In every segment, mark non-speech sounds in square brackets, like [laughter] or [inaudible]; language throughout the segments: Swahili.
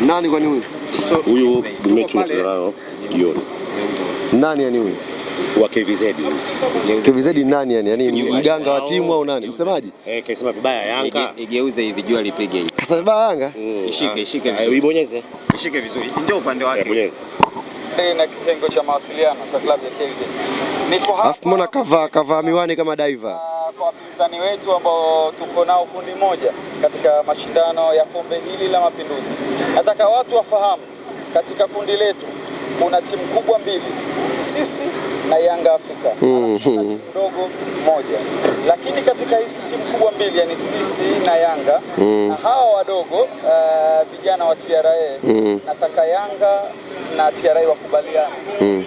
Nani kwani huyu? Huyu mechi tunao jioni. Nani yani huyu? Wa KVZ. KVZ nani yani? Yaani mganga wa timu au nani? Msemaji? Eh, kaisema vibaya Yanga. Igeuze hivi jua lipige hivi. Kasa vibaya Yanga? Ishike, ishike eh, vizuri. Ibonyeze. Ishike vizuri. Ndio upande wake. Eh, Secondary na kitengo cha mawasiliano cha klabu ya KMC. Niko hapa. Afu mbona kavaa kavaa miwani kama diver? Kwa wapinzani wetu ambao tuko nao kundi moja katika mashindano ya kombe hili la Mapinduzi. Nataka watu wafahamu katika kundi letu kuna timu kubwa mbili, sisi na Yanga Afrika mm -hmm. timu ndogo moja, lakini katika hizi timu kubwa mbili, yani sisi na Yanga mm. na hawa wadogo uh, vijana wa TRA mm. nataka Yanga na TRA wakubalia mm.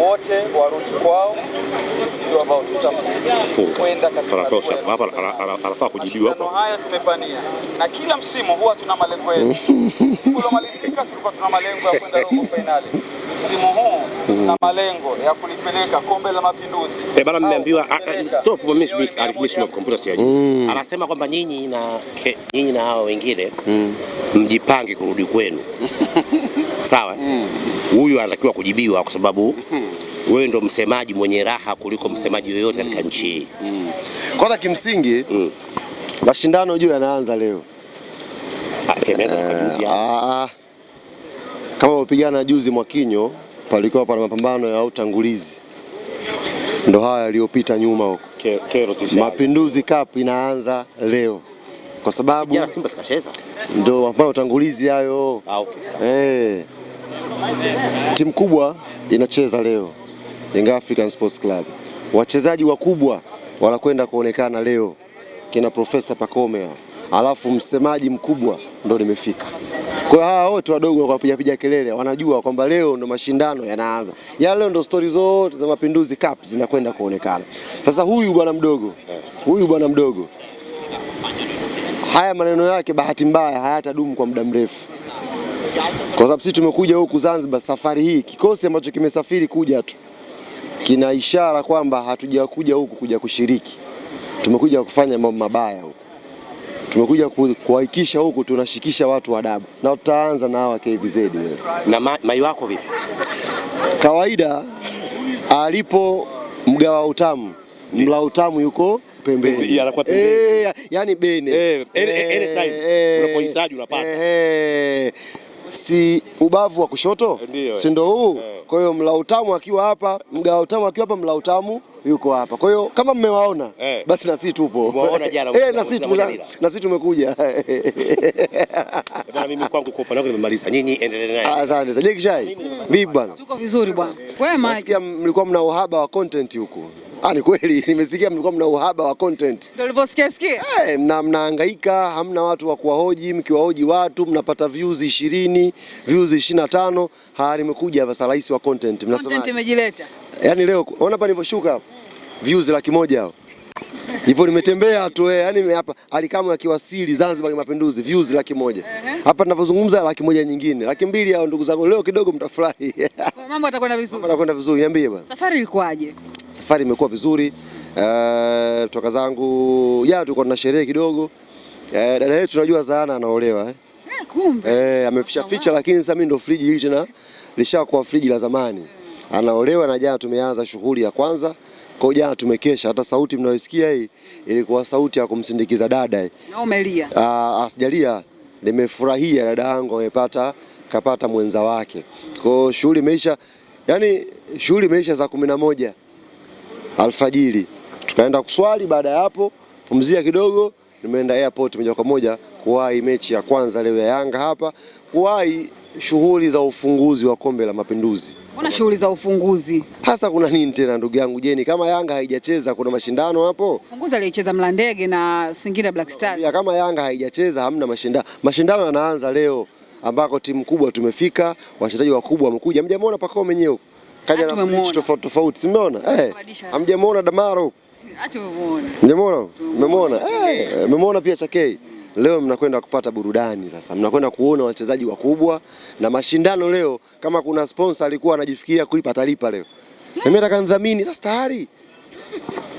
wote warudi kwao, sisi ndio ambao tutafunga kwenda katika hapa. Anafaa kujibiwa. hapo. Haya tumepania na kila msimu huwa tuna malengo yetu. [laughs] Msimu uliomalizika tulikuwa tuna malengo ya kwenda robo finali. Msimu huu tuna hmm. malengo ya kulipeleka kombe la Mapinduzi. Eh, bana mmeambiwa ah, ah, stop computer hmm. anasema kwamba nyinyi na nyinyi na hao wengine hmm. mjipange kurudi kwenu [laughs] sawa, mm. huyu mm. anatakiwa kujibiwa kwa sababu mm. wewe ndo msemaji mwenye raha kuliko mm. msemaji yoyote katika nchi hii mm. kwanza kimsingi mm. mashindano juu yanaanza leo uh, kama upigana juzi Mwakinyo palikuwa pana mapambano ya utangulizi ndo haya yaliyopita nyuma huko. Mapinduzi Cup inaanza leo kwa sababu ndo mapambano ya utangulizi hayo. Ah, okay. hey. Eh. Timu kubwa inacheza leo Young African Sports Club, wachezaji wakubwa wanakwenda kuonekana leo kina Profesa Pacome, alafu msemaji mkubwa ndo nimefika. Kwa hiyo hawa wote wadogo piga kelele, wanajua kwamba leo ndo mashindano yanaanza, ya yaani leo ndo stori zote za Mapinduzi Cup zinakwenda kuonekana. Sasa huyu bwana mdogo, huyu bwana mdogo, haya maneno yake bahati mbaya hayatadumu kwa muda mrefu kwa sababu sisi tumekuja huku Zanzibar safari hii, kikosi ambacho kimesafiri kuja tu kina ishara kwamba hatujakuja huku kuja kushiriki, tumekuja kufanya mambo mabaya huku, tumekuja kuhakikisha huku tunashikisha watu wadabu, na tutaanza na hawa KVZ. Wewe na ma, mai wako vipi? Kawaida alipo mgawa utamu mla utamu yuko pembeni, anakuwa pembeni, eh, yani bene, eh, eh, unapohitaji unapata si ubavu wa kushoto eh, si ndio huu? Eh. Kwa hiyo mla utamu akiwa hapa, mgawa utamu akiwa hapa, mla utamu yuko hapa. Kwa hiyo kama mmewaona eh, basi na sisi tupo [laughs] eh, na sisi tumekuja. [laughs] Bwana mimi kwangu kwa upande wangu nimemaliza, nyinyi endelee naye. Asante sana. Mm. Vipi bwana? Tuko vizuri bwana. Wema. Nasikia mlikuwa mna uhaba wa content huku. Ah, ni kweli [laughs] nimesikia mlikuwa mna uhaba wa content. Ndio ulivyosikia sikia? Eh, mna mnahangaika, hamna watu wa kuwahoji, mkiwahoji watu mnapata views 20, views 25. Haya nimekuja hapa sasa rais wa content. Mnasema content imejileta. Yaani leo unaona hapa nilivyoshuka hapa. Views laki moja hapo. Hivyo nimetembea tu eh, yani hapa Alikamwe akiwasili Zanzibar Mapinduzi views laki moja. Hapa tunavyozungumza laki moja nyingine. Laki mbili hao ndugu zangu leo kidogo mtafurahi. [laughs] Mambo yatakwenda vizuri. Mambo yatakwenda vizuri, niambie bwana. Safari ilikuwaje? safari imekuwa vizuri uh, toka zangu jana tulikuwa tuna sherehe kidogo uh, dada yetu tunajua zaana anaolewa eh. Eh, eh ameficha ficha lakini sasa mimi ndo friji hili tena lishakuwa friji la zamani. Anaolewa na jana tumeanza shughuli ya kwanza. Kwa jana tumekesha, hata sauti mnayoisikia hii ilikuwa sauti ya kumsindikiza dada. Na umelia? Ah, asijalia. Nimefurahia dada yangu amepata kapata mwenza wake. Kwa shughuli imeisha, yani shughuli imeisha saa kumi na moja alfajiri, tukaenda kuswali. Baada ya hapo pumzia kidogo, nimeenda airport moja kwa moja kuwahi mechi ya kwanza leo ya Yanga hapa, kuwahi shughuli za ufunguzi wa kombe la Mapinduzi. Kuna shughuli za ufunguzi hasa, kuna nini tena ndugu yangu Jeni? Kama Yanga haijacheza kuna mashindano hapo. Ufunguzi aliyecheza Mlandege na Singida Black Stars. Ya kama Yanga haijacheza hamna mashindano. Mashindano yanaanza leo ambako timu kubwa tumefika, wachezaji wakubwa wamekuja. Mjamuona pakao mwenyewe kaja na bleach tofauti tofauti, si mmeona? Eh, Hamjamuona Damaro, mjamuona? Mmemwona? Eh, mmemwona pia Chakei. Leo mnakwenda kupata burudani sasa, mnakwenda kuona wachezaji wakubwa na mashindano leo. Kama kuna sponsor alikuwa anajifikiria kulipa, talipa leo. mimi Nataka nidhamini sasa, tayari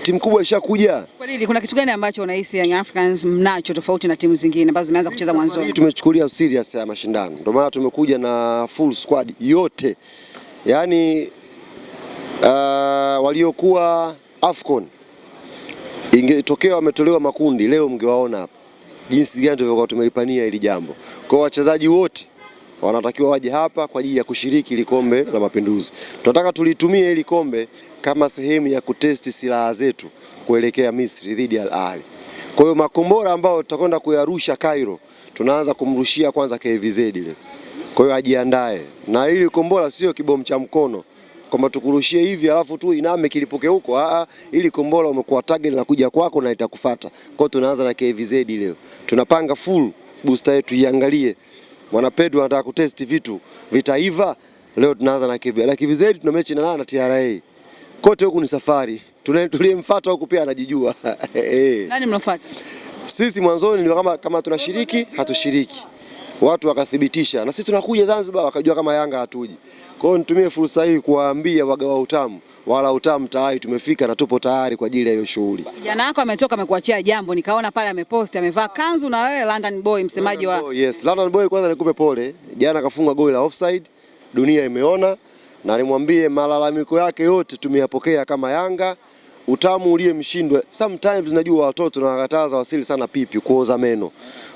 timu kubwa ishakuja. Kwa nini? Kuna kitu gani ambacho unahisi Young Africans mnacho tofauti na timu zingine ambazo zimeanza kucheza mwanzo? mwanzoni? Tumechukulia serious ya mashindano, ndio maana tumekuja na full squad yote, yaani uh, waliokuwa Afcon ingetokea wametolewa makundi leo, mngewaona hapa jinsi gani tulivyokuwa tumelipania hili jambo. Kwa wachezaji wote wanatakiwa waje hapa kwa ajili ya kushiriki ili kombe la Mapinduzi. Tunataka tulitumie hili kombe kama sehemu ya kutesti silaha zetu kuelekea Misri dhidi ya Al Ahly. Kwa hiyo makombora ambayo tutakwenda kuyarusha Cairo, tunaanza kumrushia kwanza KVZ ile. Kwa hiyo ajiandae na hili kombora sio kibomu cha mkono kwamba tukurushie hivi alafu tu iname kilipuke huko. a, ah, ah, ili kombora umekuwa target na kuja kwako na itakufuata. Kwa hiyo tunaanza na KVZ leo, tunapanga full booster yetu iangalie. Mwana Pedro anataka kutesti vitu vitaiva. Leo tunaanza na KVZ, na KVZ tuna mechi na na TRA kote huku ni safari, tuliyemfuata huku pia anajijua. [laughs] Eh. Nani mnafuata? Sisi mwanzoni ni kama, kama tunashiriki hatushiriki watu wakathibitisha, na sisi tunakuja Zanzibar wakajua kama Yanga hatuji. Kwa hiyo nitumie fursa hii kuwaambia wagawa utamu wala utamu tayari tumefika na tupo tayari kwa ajili ya hiyo shughuli. Kijana wako ametoka amekuachia jambo, nikaona pale ameposti amevaa kanzu na wewe London Boy, msemaji wa London yes. London Boy kwanza nikupe pole, jana kafunga goli la offside, dunia imeona na nimwambie malalamiko yake yote tumeyapokea kama Yanga utamu uliye mshindwe. Sometimes najua watoto na wakataza wasili sana pipi kuoza meno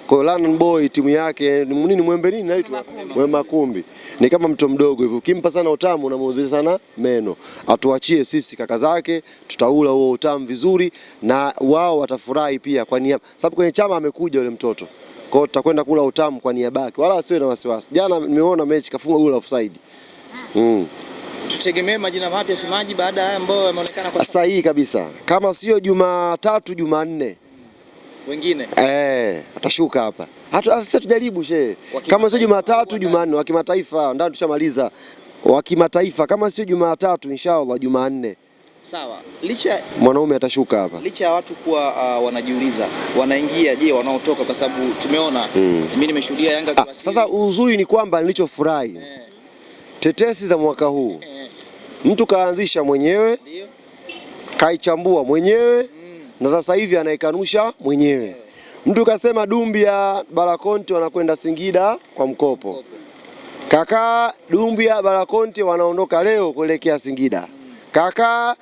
kwa hiyo London Boy timu yake nini mwembe nini naitwa Mwema Kumbi. Ni kama mto mdogo hivyo, Ukimpa sana utamu unamuuzia sana meno. Atuachie sisi kaka zake, tutaula huo utamu vizuri na wao watafurahi pia kwa niaba. Sababu kwenye chama amekuja yule mtoto. Kwa hiyo tutakwenda kula utamu kwa niaba yake. Wala asiwe na wasiwasi. Jana nimeona mechi kafunga goal offside. Mm. Tutegemee majina mapya semaji baada ya haya ambayo yameonekana kwa sasa hii kabisa. Kama sio Jumatatu, Jumanne wengine eh, atashuka hapa. Hata sasa tujaribu she, kama sio Jumatatu Jumanne wa kimataifa ndio tushamaliza wa kimataifa, kama sio Jumatatu inshallah Jumanne. Sawa, licha mwanaume atashuka hapa. Licha ya watu kuwa uh, wanajiuliza wanaingia, je, wanaotoka? Kwa sababu tumeona mm. mimi nimeshuhudia Yanga ah, sasa uzuri ni kwamba nilichofurahi eh. tetesi za mwaka huu eh. mtu kaanzisha mwenyewe ndio kaichambua mwenyewe mm na sasa hivi anaikanusha mwenyewe. Mtu kasema Dumbia Barakonte wanakwenda Singida kwa mkopo, kaka Dumbia Barakonte wanaondoka leo kuelekea Singida, kaka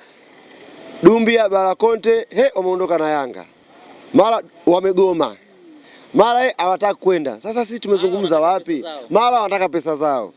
Dumbia Barakonte he wameondoka na Yanga, mara wamegoma, mara he hawataka kwenda. Sasa sisi tumezungumza wapi? Mara wanataka pesa zao.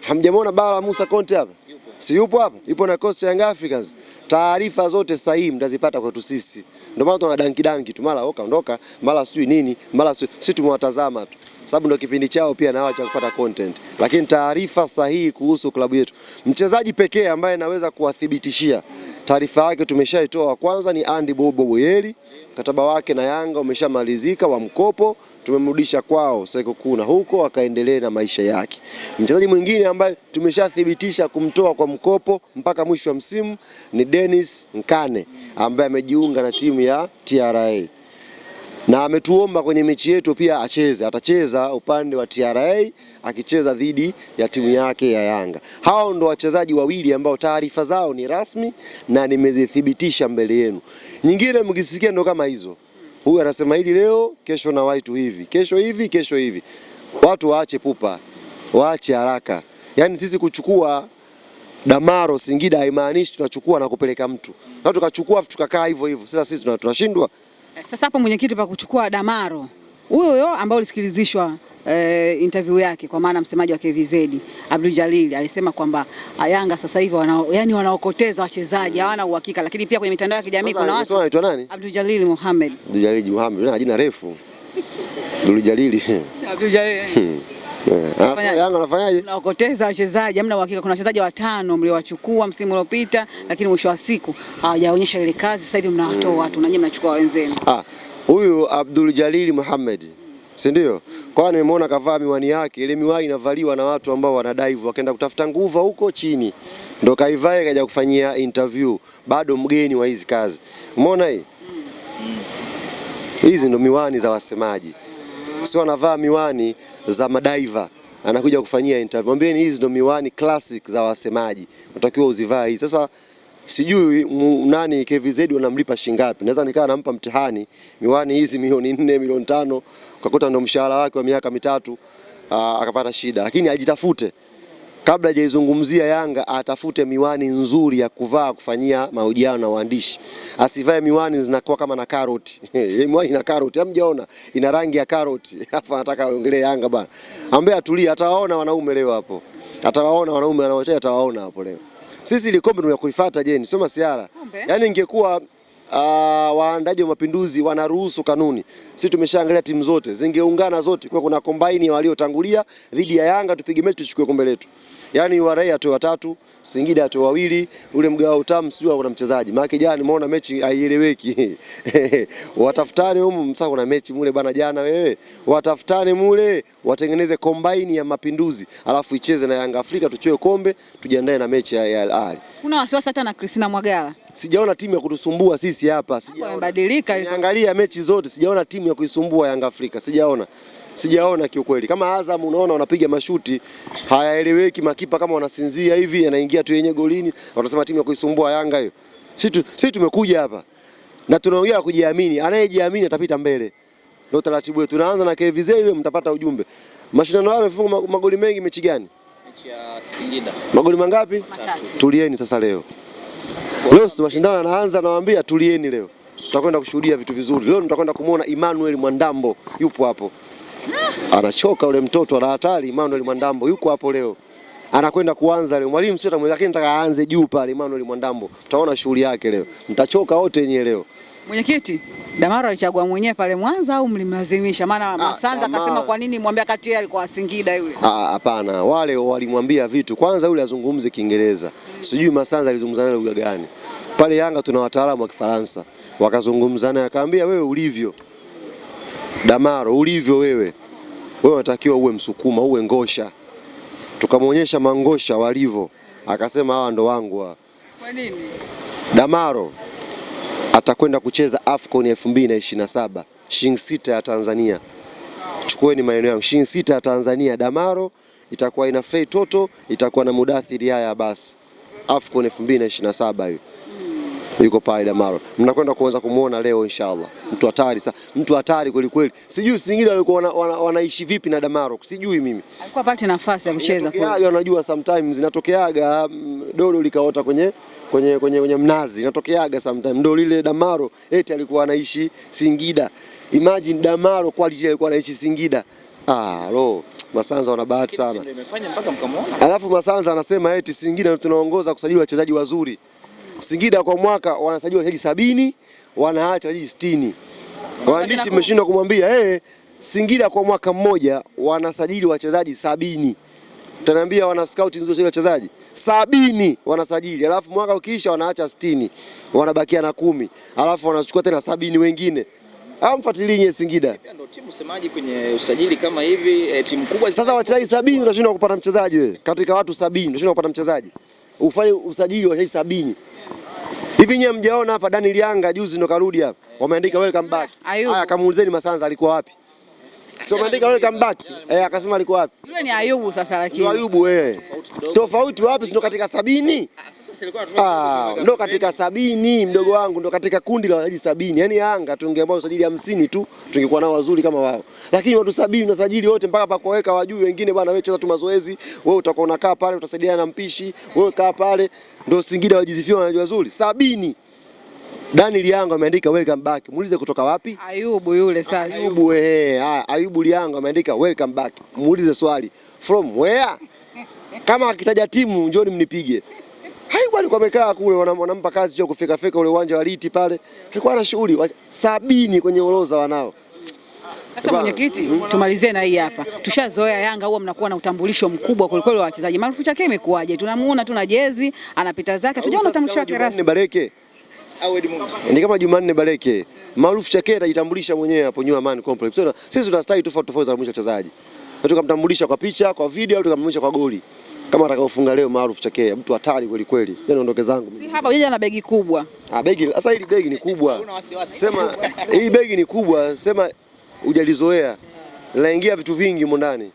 Hamjamwona Bara Musa Konte hapa? si yupo hapo, ipo na Coast Young Africans. Taarifa zote sahihi mtazipata kwetu sisi, ndio maana tuna danki danki tu, mara ondoka, mara sijui nini, mara sisi tumewatazama tu sababu ndio kipindi chao pia na wao cha kupata content, lakini taarifa sahihi kuhusu klabu yetu, mchezaji pekee ambaye naweza kuwathibitishia Taarifa yake tumeshaitoa. Wa kwanza ni Andy Bobo Boyeli, mkataba wake na Yanga umeshamalizika wa mkopo, tumemrudisha kwao Seko Kuna huko akaendelee na maisha yake. Mchezaji mwingine ambaye tumeshathibitisha kumtoa kwa mkopo mpaka mwisho wa msimu ni Dennis Nkane ambaye amejiunga na timu ya TRA na ametuomba kwenye mechi yetu pia acheze, atacheza upande wa TRA akicheza dhidi ya timu yake ya Yanga. Hao ndo wachezaji wawili ambao taarifa zao ni rasmi na nimezithibitisha mbele yenu. Nyingine mkisikia ndo kama hizo, huyu anasema hili leo, kesho na watu hivi, kesho hivi, kesho hivi. Watu waache pupa, waache haraka. Yaani sisi kuchukua Damaro Singida haimaanishi tunachukua na kupeleka mtu, na tukachukua tukakaa hivyo hivyo. Sasa sisi tunashindwa sasa hapo mwenyekiti, pa kuchukua Damaro huyo huyo ambao ulisikilizishwa e, interview yake, kwa maana msemaji wa KVZ Abdul Jalil alisema kwamba ah, Yanga sasa hivi wana, yani wanaokoteza wachezaji mm. hawana mm. uhakika, lakini pia kwenye mitandao ya kijamii kuna watu anaitwa nani? Abdul Jalil Mohamed. Abdul Jalil Mohamed, jina refu [laughs] Abdul Jalil. Abdul Jalil. Hmm. Eh, Yanga anafanyaje? wachezaji, hamna uhakika. Kuna wachezaji watano mliowachukua msimu uliopita, lakini mwisho wa siku hawajaonyesha ile kazi. Sasa hivi mnawatoa mm. watu na nyinyi mnachukua wenzenu. Ah, huyu Abdul Jalili Muhammad si ndio? Kwa nimemwona kavaa miwani yake, ile miwani inavaliwa na watu ambao wanadaivu wakaenda kutafuta nguvu huko chini, ndo kaivae kaja kufanyia interview, bado mgeni wa hizi kazi. Umeona hii mm. hizi ndo miwani za wasemaji sio anavaa miwani za madaiva anakuja kufanyia interview. Mwambieni hizi ndo miwani classic za wasemaji, unatakiwa uzivaa hizi. Sasa sijui nani KVZ wanamlipa shilingi ngapi? Naweza nikaa nampa mtihani miwani hizi milioni nne, milioni tano, ukakuta ndo mshahara wake wa miaka mitatu, ah, akapata shida, lakini ajitafute kabla hajaizungumzia Yanga atafute miwani nzuri ya kuvaa kufanyia mahojiano na waandishi, asivae miwani zinakuwa kama na karoti [laughs] ile miwani ina karoti, hamjaona ina rangi ya karoti, [laughs] Hapa anataka aongelee Yanga bana, ambaye atulie, atawaona wanaume leo hapo, atawaona wanaume wanaotea, atawaona hapo leo. Sisi ile kombe tunakulifuata, je, ni sio masiara? yaani ingekuwa Uh, waandaji wa mapinduzi wanaruhusu kanuni, si tumeshaangalia timu zote zingeungana zote, kwa kuna kombaini waliotangulia dhidi ya Yanga, tupige mechi tuchukue kombe letu. Yaani Warai atoe watatu, Singida atoe wawili, ule mgao utamu sijua kuna mchezaji. Maana jana nimeona mechi haieleweki. [laughs] Watafutane humu msa, kuna mechi mule bana jana wewe. Watafutane mule, watengeneze kombaini ya mapinduzi, alafu icheze na Yanga Afrika tuchoe kombe, tujiandae na mechi ya Al Ahly. Kuna wasiwasi hata na Christina Mwagala. Sijaona timu ya kutusumbua sisi hapa, sijaona. Imebadilika. Niangalia mechi zote sijaona timu ya kuisumbua Yanga Afrika, sijaona sijaona kiukweli. Kama Azam unaona wanapiga mashuti hayaeleweki, makipa kama wanasinzia hivi, yanaingia tu yenye golini, wanasema timu ya kuisumbua Yanga hiyo. Sisi tumekuja hapa na tunaongea kujiamini, anayejiamini atapita mbele. Ndio taratibu wetu. Tunaanza na KVZ ile, mtapata ujumbe. Mashindano hayo yamefunga magoli mengi, mechi gani? Mechi ya Singida. Magoli mangapi? Matatu. Tulieni sasa leo. Leo si mashindano yanaanza, nawaambia tulieni leo. Tutakwenda kushuhudia vitu vizuri. Leo tutakwenda kumwona Emmanuel Mwandambo yupo hapo anachoka yule mtoto, ana hatari. Emmanuel Mwandambo yuko hapo leo, anakwenda kuanza leo. Mwalimu sio tamwe, lakini nataka aanze juu pale. Emmanuel Mwandambo, tutaona shughuli yake leo, mtachoka wote yenyewe leo. Mwenyekiti Damaro alichagua mwenyewe pale Mwanza au mlimlazimisha? Maana ah, Masanza akasema kwa nini mwambia kati yeye alikuwa Singida yule. Ah, Hapana, wale walimwambia vitu kwanza, yule azungumze Kiingereza, sijui Masanza alizungumza naye lugha gani pale. Yanga tuna wataalamu wa Kifaransa, wakazungumza naye, akaambia wewe ulivyo Damaro, ulivyo wewe wewe unatakiwa uwe Msukuma, uwe Ngosha. Tukamwonyesha mangosha walivyo, akasema hawa ndo wangu hawa. Kwa nini? Damaro atakwenda kucheza AFCON 2027 shilingi sita ya Tanzania. Chukueni maeneo yangu, shilingi sita ya Tanzania. Damaro itakuwa ina Fei Toto, itakuwa na Mudathiri. Haya basi, AFCON 2027 hiyo yuko pale Damaro, mnakwenda kuanza kumuona leo inshallah. Mtu hatari sana, mtu hatari kweli kweli. Sijui Singida walikuwa wana, wana, wanaishi vipi na Damaro, sijui mimi. Alikuwa pate nafasi ya kucheza kwa, unajua sometimes zinatokeaga mm, dodo likaota kwenye kwenye kwenye, kwenye mnazi inatokeaga sometimes, ndio lile Damaro eti alikuwa anaishi Singida. Imagine Damaro kwa alikuwa anaishi Singida. Ah, lo. Masanza wana bahati sana. Alafu Masanza anasema eti Singida tunaongoza kusajili wachezaji wazuri. Singida kwa mwaka wanasajiliwa wachezaji sabini, wanaacha wachezaji sitini. Waandishi mmeshindwa kumwambia hey, eh, Singida kwa mwaka mmoja wanasajili wachezaji sabini. Tunaambia wana scout nzuri wachezaji sabini wanasajili, alafu mwaka ukiisha wanaacha sitini, wanabakia na kumi, alafu wanachukua tena sabini wengine. Amfuatilie ah, nye Singida ndio timu semaji kwenye usajili kama hivi, e, timu kubwa. Sasa wachezaji sabini unashindwa kupata mchezaji wewe, katika watu sabini unashindwa kupata mchezaji ufanye usajili wa wachezaji sabini hivi. Nyewe mjaona hapa Daniel Yanga juzi ndo karudi hapa, wameandika welcome back. Haya, kamuulizeni Masanza alikuwa wapi? Sio [laughs] maandika wewe kambaki. Eh, akasema aliko wapi? Yule ni Ayubu sasa lakini. Ni Ayubu eh. Tofauti wapi? Sio katika sabini? Ah, ah ndo katika sabini mdogo wangu, ndo katika kundi la wachezaji sabini. Yaani Yanga tungeambao usajili hamsini tu tungekuwa nao wazuri kama wao. Lakini watu sabini unasajili wote mpaka pakoweka wajui wengine bwana, wewe cheza tu mazoezi, wewe utakuwa unakaa pale utasaidiana na mpishi, wewe kaa pale. Ndio Singida wajizifia wanajua wazuri. Sabini. Daniel Liango ameandika welcome back. Muulize kutoka wapi? Ayubu yule sasa. Ah, Ayubu eh, haya eh, ah, Ayubu Liango ameandika welcome back. Muulize swali. From where? Kama akitaja timu njoni mnipige. Ayubu alikuwa amekaa kule wanampa kazi ya kufika fika ule uwanja wa Liti pale. Alikuwa ana shughuli sabini kwenye oroza wanao. Sasa mwenyekiti, hmm? tumalizie na hii hapa. Tushazoea Yanga huwa mnakuwa na utambulisho mkubwa kuliko wa wachezaji. Maarufu chake imekuaje? Tunamuona tu na jezi, anapita zake. Tujaona utambulisho wake rasmi. Ni Bareke. Ni kama Jumanne Baleke. Maarufu Chake atajitambulisha mwenyewe hapo New Amaan Complex. Sasa sisi tuna style tofauti tofauti za kumlisha wachezaji. Tukamtambulisha kwa picha, kwa video au tukamlisha kwa goli. Kama atakaofunga leo Maarufu Chake, mtu hatari kweli kweli. Yeye niondoke zangu. Si hapa yeye ana begi kubwa. Ah, begi sasa hili begi ni kubwa. Sema hii begi ni kubwa, sema hujalizoea. linaingia vitu vingi humo ndani.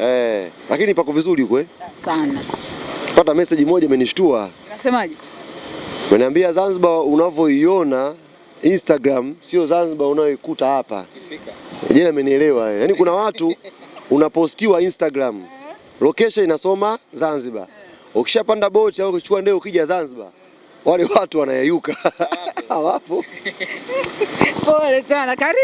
Eh, lakini pako vizuri huko eh? Sana. Pata message moja imenishtua. Unasemaje? meniambia Zanzibar unavyoiona Instagram sio Zanzibar unayoikuta hapa. Je, amenielewa? Eh. Yaani kuna watu unapostiwa Instagram location inasoma Zanzibar, ukishapanda boti au ukichukua ndege ukija Zanzibar wale watu wanayayuka [laughs] hawapo. Pole sana.